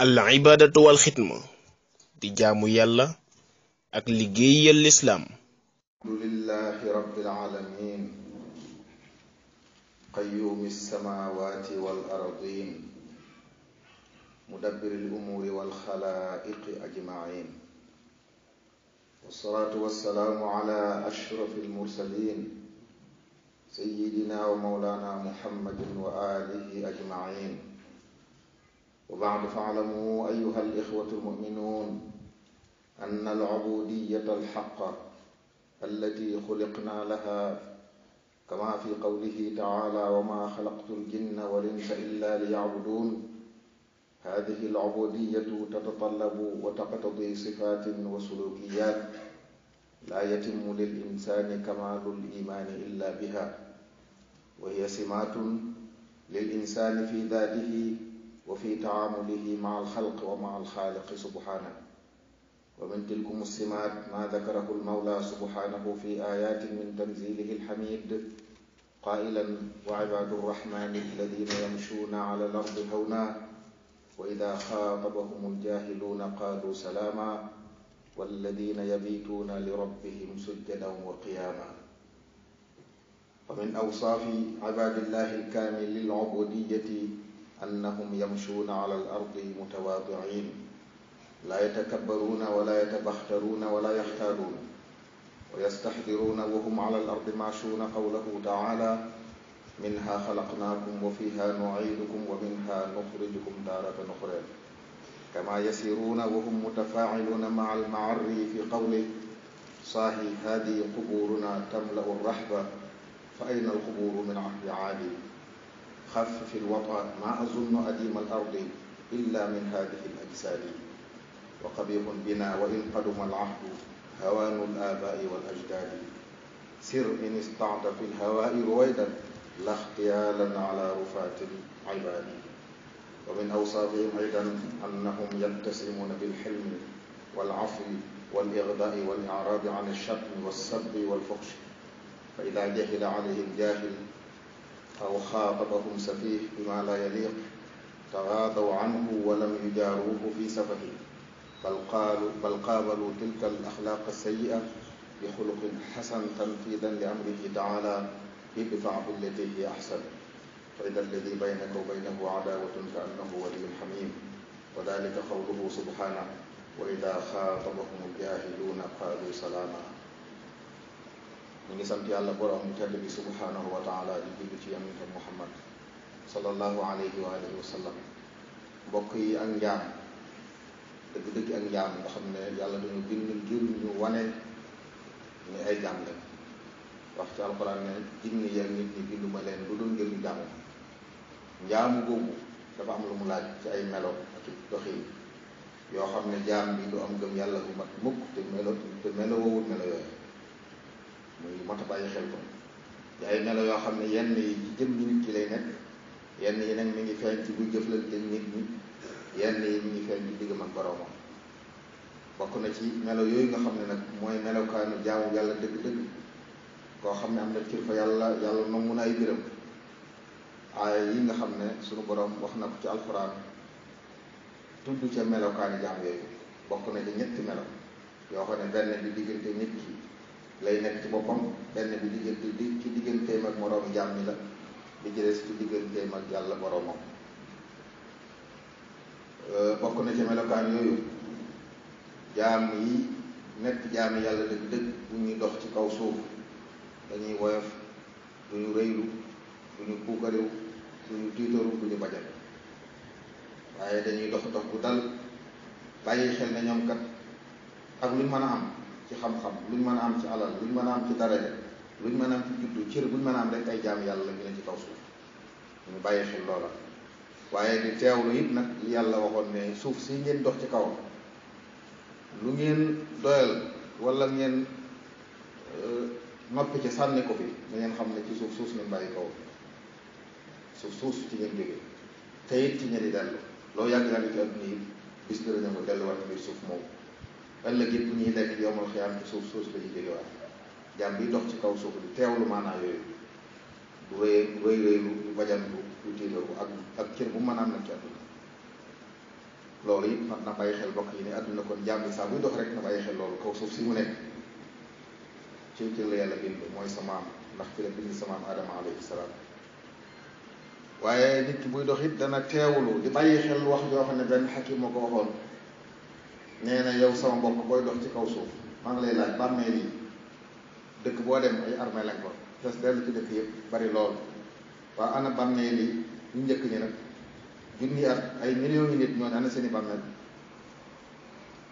al ibadatu wal xidma di jaamu yàlla ak liggéeyal lislaam alhamdulillahi rabbil alamin qayyumi samawati wal ardin mudabbiri l umuri wal xalaiqi ajmain wasalaatu wasalaamu ala ashrafi almursalin sayyidina wa mawlana muhammadin wa alihi ajmain وبعد فاعلموا أيها الإخوة المؤمنون أن العبودية الحق التي خلقنا لها كما في قوله تعالى وما خلقت الجن والإنس إلا ليعبدون هذه العبودية تتطلب وتقتضي صفات وسلوكيات لا يتم للإنسان كمال الإيمان إلا بها وهي سمات للإنسان في ذاته wa fi taamulihi ma alxalq wa ma alxaaliqi subhaana wa min tilkum simaat ma dakarahu almawla subhaanahu fi ayatin min tanzilihi alxamid qaa'ilan wa ibaadu arrahmani alladina yamshuuna ala alardi hawna wa ida xaatabahum aljahiluuna qaalu salaama walladina yabituuna lirabbihim sujjadan wa qiyaama wa min awsaafi ibaadillahi alkaamili alubudiyati annahum yamshuuna ala al ardi mutawaadiin laa yatakabbaruuna wala yatabaxtaruuna wala yaxtaaruuna wa yastaxdiruuna wa hum ala al ardi maashuuna qawlahu taala minha xalaqnaakum wa fiha nuciidukum wa minha nuxrijukum taaratan uxraa kama yasiruuna wa hum mutafaaciluuna maca almacarri fi qawlih saahi haadihi qubuuruna tamla'u rahba fa ayna alqubuuru min ahdi caadi خفف الوطأ ما أظن أديم الأرض إلا من هذه الأجساد وقبيح بنا وإن قدم العهد هوان الآباء والأجداد سر إن استعد في الهواء رويدا لا اختيالا على رفاة العباد ومن أوصافهم أيضا أنهم يتسمون بالحلم والعفو والإغضاء والإعراض عن الشتم والسب والفحش فإذا جهل عليهم جاهل aw xaatabahum safih bima la yaliq tagaadaw anhu walam yujaaruuhu fi safahi bal qaalu bal qaabalu tilka al axlaaq sayia bi xuluqin xasan tanfidan li amrihi taala idfa billati hi axsan fa ida alladi baynaka wa baynahu adaawatun ka annahu waliyun xamim wa dalika qawluhu subhaana wa ida xaatabahum aljahiluuna qaalu salaama ñu ngi sant yàlla borom bu tedd bi subhanahu wa taala di julli ci yonente muhammad sallallahu alayhi wa alihi wa sallam mbokk yi ak njaam dëgg-dëgg xam ne yàlla dañu bind ngir ñu wane ni ay jaam wax ci alxuraan ne binduma leen lu dul ngir ñu jaamu dafa am lu mu laaj ci ay melo ak doxin yoo xam ne jaam bi lu am gëm yàlla bu mat mukk te melo te melo melo yooyu muy lu mot bàyyi xel kon di melo yoo xam ne yenn yi ci jëm nit ki lay nekk yenn yi nag mi ngi feeñ ci bu jëflante nit ñi yenn yi mi ngi feeñ ci diggam ak boroomam bokk na ci melo yooyu nga xam ne nag mooy melokaanu jaamu yàlla dëgg-dëgg koo xam ne am na cër fa yàlla yàlla nangu na ay mbiram aaya yi nga xam ne sunu boroom wax na ko ci alxuraan tudd ca melokaani jaam yooyu bokk na ci ñetti melo yoo xam ne benn bi diggante nit ki lay nekk ci boppam benn bi diggante di ci digganteem ak moroomu jàmm mi la bi ci des ci digganteem ak yàlla moroomam euh, bokk na ci melokaan yooyu jaam yi nekk jaami yàlla dëgg-dëgg bu ñuy dox ci kaw suuf dañuy woyof du ñu rëylu du ñu puukarew du ñu bajal waaye dañuy dox dox bu dal bàyyi xel na ñoom kat ak lu ñu mën a am ci xam-xam luñ mën a am ci alal luñ mën a am ci daraja luñ mën a am ci juddu cër buñ mën a am rek ay jaam yàlla ñu ne ci kaw suuf ñu bàyyi xel loola waaye di teewlu it nag yàlla waxoon ne suuf si ngeen dox ci kaw lu ngeen doyal wala ngeen eh, noppi ci sànni ko fi da ngeen xam ne ci suuf suuf ngeen bàyyi kaw suuf suuf ci ngeen jógee te it ci ña di dellu loo yàgg-yàgg ci adduna yi bis dara ñëw delluwaat biir suuf moom ëllëg it bu ñuy lekk yomal xiyaam ci suuf suuf la ñu jógewaat jàmm bi dox ci kaw suuf di teewlu maanaam yooyu du rëy rëy rëylu du bajantu loolu it mat na bàyyi xel bokk yi ne àdduna kon jàmm bi saa buy dox rek na bàyyi xel loolu kaw suuf si mu nekk ci cër la yàlla bind mooy sa maam ndax ci la bind sa maam Adama waaye nit ki buy dox it dana teewlu di bàyyi xel wax joo xam ne benn xakim ko waxoon. nee na yow sama mbokk booy dox ci kaw suuf maa lay laaj bàmmeel yi dëkk boo dem ay armée lañ ko fees dellu ci dëkk yëpp bari lool waaw ana bàmmeel ñu njëkk ñi nag junni at ay millions yi nit ñooñu ana seen i bàmmeel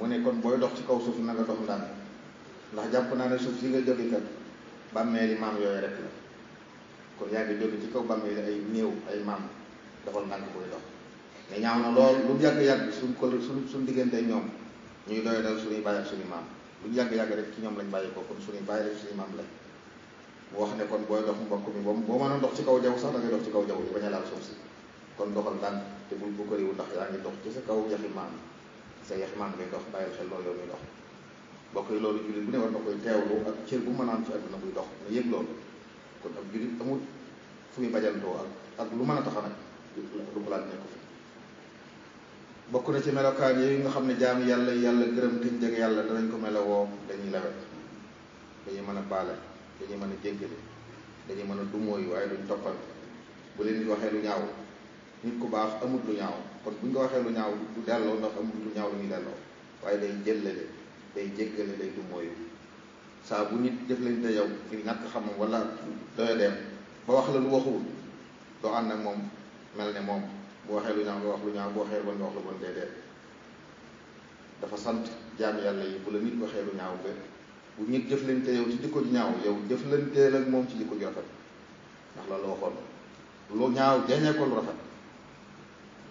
mu booy dox ci kaw suuf na nga ndax jàpp naa ne suuf si nga jóge kat bàmmeel yi maam yooyu rek la kon yaa ngi jóge ci kaw bàmmeel yi ay néew ay maam dafal ndànk koy dox te ñaaw na lool lu yàgg-yàgg suñ ko suñ suñ diggante ñoom ñuy doy dal suñuy bàyyi ak suñu maam luñ yàgg-yàgg rek ci ñoom lañ bàyyi ko kon suñuy bàyyi rek suñu maam lañ mu wax ne kon booy dox mbokk mi moom boo mënoon dox ci kaw jaww sax da ngay dox ci kaw jaww ji bañ a laal suuf si kon doxal daan te bul bu ko ndax yaa ngi dox ci sa kaw yaxi maam sa yaxi maam xel loolu yow muy dox loolu jullit bu ne war na koy teewlu ak cër bu a am ci àdduna buy dox na kon ab jullit amul fu muy bajantoo ak ak lu man a taxa nag bokk na ci melokaan yooyu nga xam ne jaam yàlla yàlla gërëm te ñu jege yàlla danañ ko woo dañuy lawet dañuy mën a baale dañu mën a jéggale dañuy mën a dumóoyu waaye duñ toppante bu leen di waxee lu ñaaw nit ko baax amut lu ñaaw kon buñ ko waxee lu ñaaw du delloo ndox amut lu ñaaw ñu ñuy delloo waaye day jëllale day jéggale day dumóoyu saa bu nit jëflante yow ngir ñàkk xamam wala doya dem ba wax la lu waxul doo ànd ak moom mel ne moom boo waxee lu ñaaw nga wax lu ñaaw boo waxee lu bon nga wax lu bon déedéet dafa sant jaam yi bu la waxee lu ñaaw nga bu nit jëflante yow ci jikko ju ñaaw yow jëflanteel ak moom ci jikko ju rafet ndax la loo waxoon lu ñaaw jañee ko lu rafet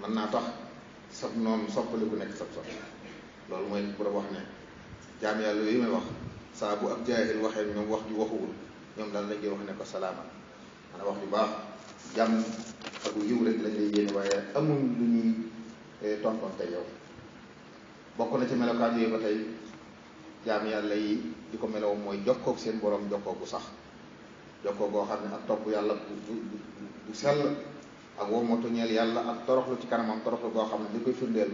mën naa tax sab noonu soppali nekk sab sab loolu mooy bu wax ne jaam yàlla yooyu may wax saa bu ab jaahil waxee ñoom wax ju waxuwul ñoom daal lañ koy wax ne ko wax ju baax jàmm sagu yiw rek lañ lay yéene waaye amuñ lu ñuy eh, tontonte yow bokk na ci melokaan yooyu ba tey jaam yàlla yi di ko meloo mooy jokkoog seen boroom jokkoo gu sax jokkoo goo xam ne ak topp yàlla bu bu sell ak womatu ñeel yàlla ak toroxlu ci kanamam toroxlu koo xam ne li koy firndeel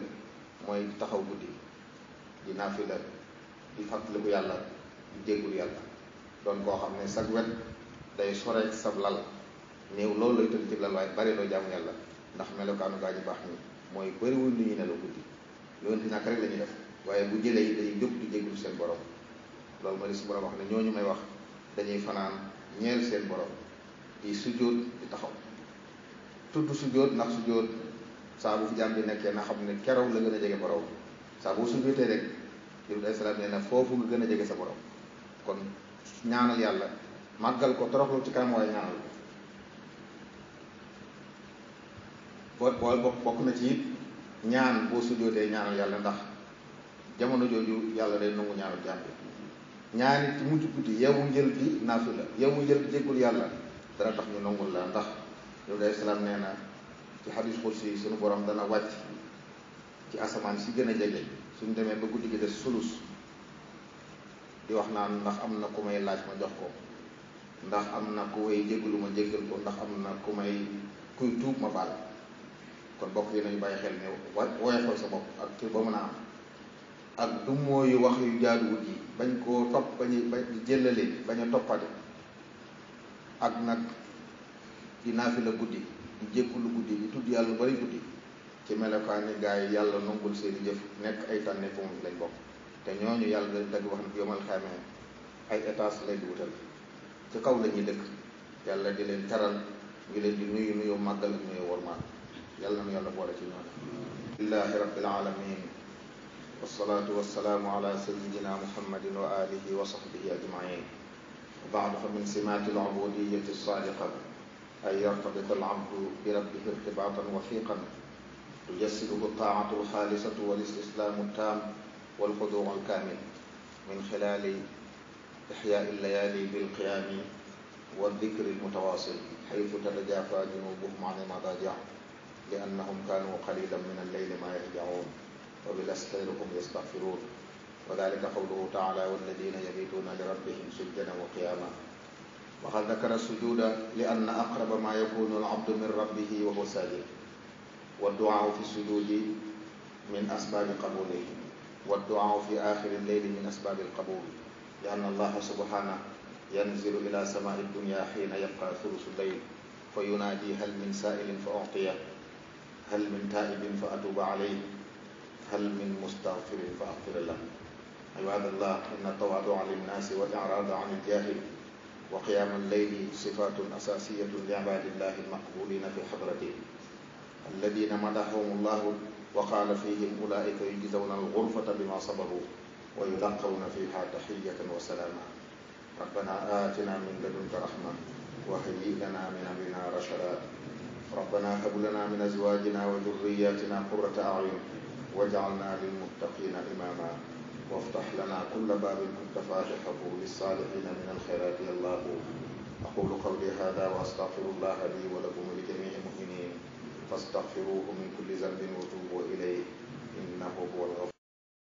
mooy taxaw guddi di naafila di fàttaliku yàlla di déggul yàlla doon koo xam ne sag wet day soreeg sab lal néew loolu lay tëdd ci lal waaye bari loo jaamu yàlla ndax melokaanu gaa ñu baax ñi mooy bariwul lu ñuy nelaw guddi loolu nag rek la ñuy def waaye bu jëlee yi dañuy di jéggalu seen borom loolu mooy li su borom wax ne ñooñu may wax dañuy fanaan ñeel seen borom di sujjóot di taxaw tudd sujjóot ndax sujjóot saa bu fi jàmm bi nekkee na xam ne keroog la gën a jege borom saa bu sujjóotee rek Jibril alayhi salaam nee na foofu gën a jege sa borom kon ñaanal yàlla màggal ko toroxlu ci kanam waaye ñaanal boo bool bokk na ci it ñaan boo su sujjootee ñaanal yàlla ndax jamono jooju yàlla day nangu ñaanal jàmm ñaanit ci muti guddi yow njël bi naasu la yow njël bi jéggul yàlla dara tax ñu nangul la ndax yow day salaam nee na ci xadis xursi suñu borom dana wàcc ci asamaan si gën a jege suñ demee ba guddi gi des sulus di wax naan ndax am na ku may laaj ma jox ko ndax am na ku way jéggalu ma jéggal ko ndax am na ku may kuy tuub ma baal kon bokk yi nañu bàyyi xel ne wa woyofal sa bopp ak tur ba mën a ak du mooy wax yu jaaduwul yi bañ koo topp bañ a jëllale bañ a toppate ak nag di naafi la guddi di jékku guddi di tudd yàlla bari guddi ci melokaani gaa yi yàlla nongul seeni jëf nekk ay tànne fu lañ bokk te ñooñu yàlla dañ dagg wax ne ko yomal xamee ay étage lay wutal ci kaw lañuy ñuy dëkk yàlla di leen taral ngi leen di nuyu nuyu màggal nuyu wormaal yàlla na yàlla boole ci ñoom lillahi rabbil alamin wasalaatu wasalaamu ala sayidina muhammadin wa alihi wa sahbihi ajmain wa baadu fa min simaati alubudiyati alsadiqa an yartabita alabdu bi rabbihi irtibatan wafiqan tujassiduhu taatu alxaalisatu walistislaamu taam walxuduu alkaamil min xilaali ixyaai allayaali bilqiyaami والذكر المتواصل حيث تتجافى جنوبهم عن المضاجع li annahum kaanu qalilan min alleyli ma yahjaun wa bilasxeyrihum yastaxfiruun wa dalika qawluhu taala walladina yabituuna li rabbihim sujjana wa qiyaama وقد ذكر السجود لأن أقرب ما يكون العبد من ربه وهو ساجد والدعاء في السجود من أسباب قبوله والدعاء في آخر الليل من أسباب القبول لأن الله سبحانه ينزل إلى سماء الدنيا حين يبقى ثلث الليل فينادي هل من سائل فأعطيه hal min taibin fa atuba alayhi hal min mustaghfirin fa aghfir lah ibadallah inna tawaadua linnaasi wal iraada an iljaahil wa qiyaama alleyli sifatun asasiyatun li ibadillahi almaqbulina fi xadratihi alladina madahahum llahu wa qaala fihim ulaika yujzawna alghurfata bima sabaru wa yulaqawna fiha taxiyatan wa salaama rabbana atina min ladunka rahma wa hayyi lana min amrina rashada rabbana hab lana min azwajina wa dhurriyyatina qurrata a'yun waj'alna lil muttaqina imama وافتح لنا كل باب كنت فاتحه للصالحين من الخيرات يا الله أقول قولي هذا وأستغفر الله لي ولكم ولجميع المؤمنين فاستغفروه من كل ذنب وتوبوا إليه إنه هو الغفور